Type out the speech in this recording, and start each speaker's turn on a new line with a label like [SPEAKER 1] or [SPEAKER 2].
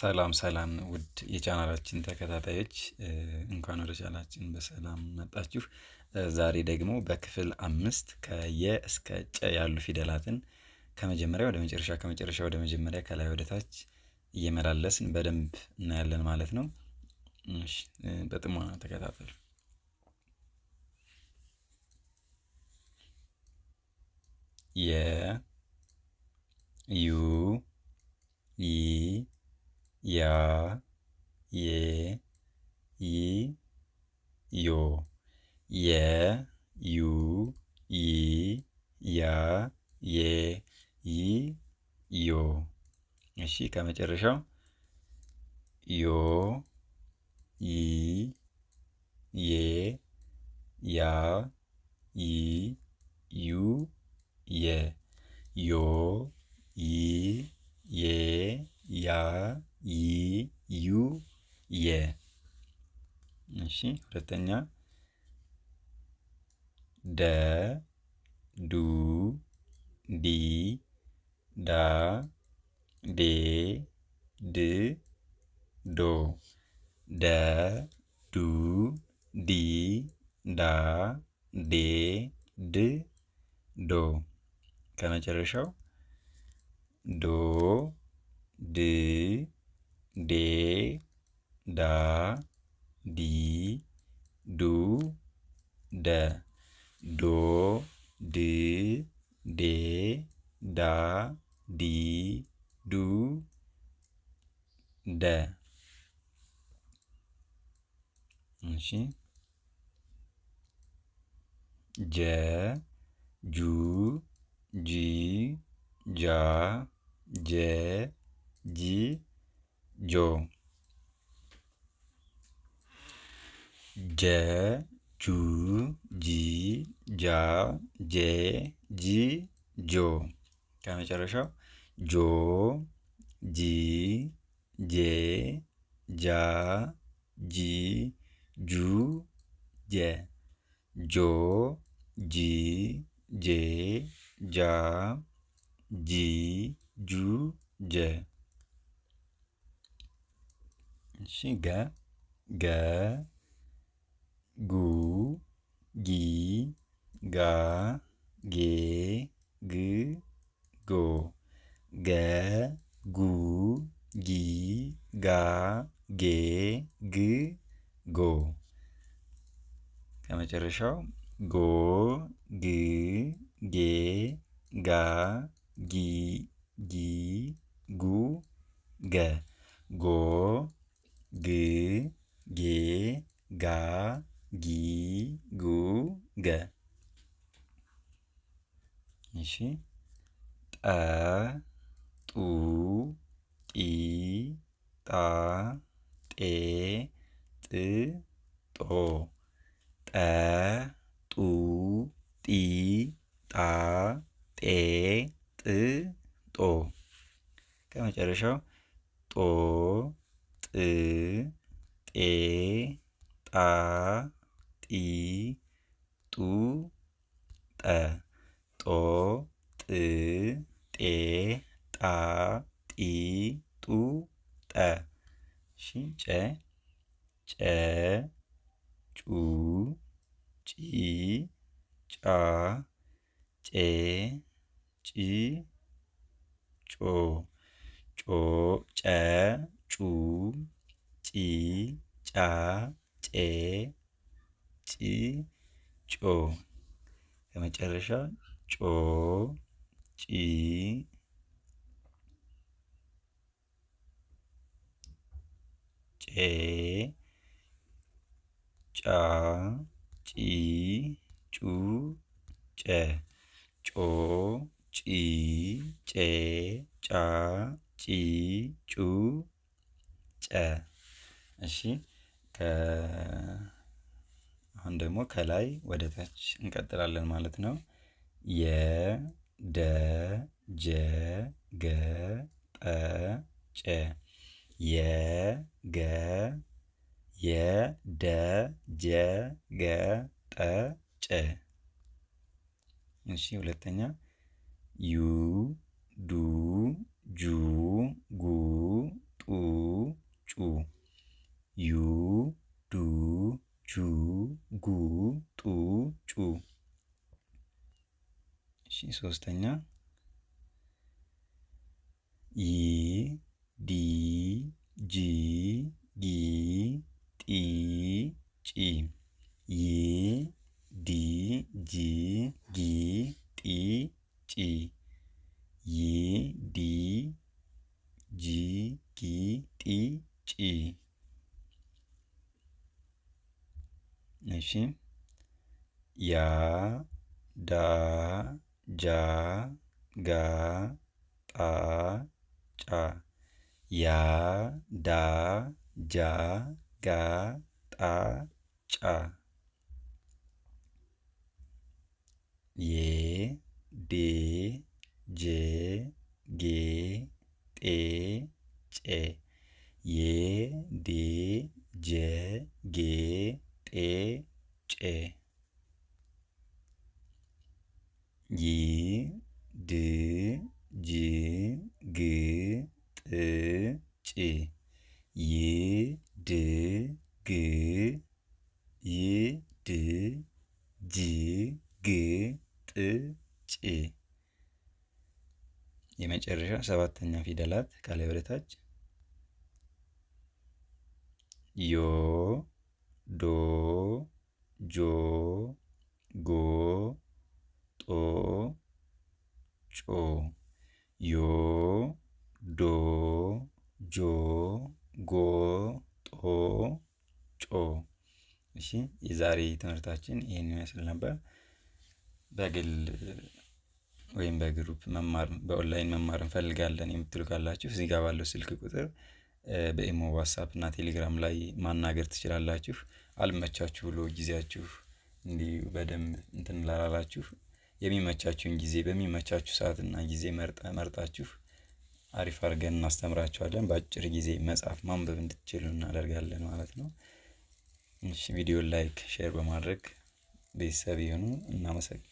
[SPEAKER 1] ሰላም ሰላም ውድ የቻናላችን ተከታታዮች እንኳን ወደ ቻናላችን በሰላም መጣችሁ። ዛሬ ደግሞ በክፍል አምስት ከየ እስከ ጨ ያሉ ፊደላትን ከመጀመሪያ ወደ መጨረሻ ከመጨረሻ ወደ መጀመሪያ ከላይ ወደ ታች እየመላለስን በደንብ እናያለን ማለት ነው። በጥሞና ተከታተሉ። የ ዩ ያ የ ይ ዮ የ ዩ ይ ያ ዬ ይ ዮ። እሺ ከመጨረሻው ዮ ይ ዬ ያ ይ ዩ የ ዮ እሺ ሁለተኛ ደ ዱ ዲ ዳ ዴ ድ ዶ ደ ዱ ዲ ዳ ዴ ድ ዶ ከመጨረሻው ዶ ድ ዴ ዳ ዱ ደ ዶ ድ ዴ ዳ ዲ ዱ ደ እሺ ጀ ጁ ጂ ጃ ጄ ጂ ጆ ጀ ጁ ጂ ጃ ጄ ጂ ጆ ከመጨረሻው ጆ ጂ ጄ ጃ ጂ ጁ ጄ ጆ ጂ ጄ ጃ ጂ ጁ ጀ እሺ ገ ገ ጉ ጊ ጋ ጌ ግ ጎ ገ ጉ ጊ ጋ ጌ ግ ጎ ከመጨረሻው ጎ ግ ጌ ጋ ጊ ጊ ጉ ገ ጎ ግ ጌ ጋ ጊ ጉ ገ እሺ ጠ ጡ ጢ ጣ ጤ ጥ ጦ ጠ ጡ ጢ ጣ ጤ ጥ ጦ ከመጨረሻው ጦ ጥ ጤ ጣ ጢ ጡ ጠ ጦ ጥ ጤ ጣ ጢ ጡ ጠ እሺ ጨ ጨ ጩ ጪ ጫ ጬ ጪ ጮ ጮ ጨ ጩ ጪ ጫ ጬ ጭ ጮ ከመጨረሻ ጮ ጪ ጬ ጫ ጪ ጩ ጨ ጮ ጪ ጬ ጫ ጪ ጩ ጨ እሺ ከ አሁን ደግሞ ከላይ ወደ ታች እንቀጥላለን ማለት ነው። የ ደ ጀ ገ ጠ ጨ የ ገ የ ደ ጀ ገ ጠ ጨ። እሺ ሁለተኛ ዩ ዱ ጁ ጉ ጡ ጩ ዩ ዱ ጁ ጉ ጡ ጩ። እሺ ሶስተኛ ይ ዲ ጂ ጊ ጢ ጪ ይ ዲ ጂ ጊ ዳ ጃ ጋ ጣ ጫ ያ ዳ ጃ ጋ ጣ ጫ ዬ ዴ ጄ ይ ድ ጅ ግ ጥ ጭ ይ ድ ግ ይ ድ ጅ ግ ጥ ጭ የመጨረሻ ሰባተኛ ፊደላት ከላይ ወደ ታች ዮ ዶ ጆ ጎ እሺ የዛሬ ትምህርታችን ይህን ይመስል ነበር። በግል ወይም በግሩፕ መማር በኦንላይን መማር እንፈልጋለን የምትሉ ካላችሁ እዚህ ጋር ባለው ስልክ ቁጥር በኢሞ ዋትሳፕ እና ቴሌግራም ላይ ማናገር ትችላላችሁ። አልመቻችሁ ብሎ ጊዜያችሁ እንዲሁ በደንብ እንትን ላላላችሁ የሚመቻችሁን ጊዜ በሚመቻችሁ ሰዓትና ጊዜ መርጣችሁ አሪፍ አድርገን እናስተምራችኋለን። በአጭር ጊዜ መጽሐፍ ማንበብ እንድትችሉ እናደርጋለን ማለት ነው። ቪዲዮ ላይክ፣ ሼር በማድረግ ቤተሰብ የሆኑ እናመሰግናለን።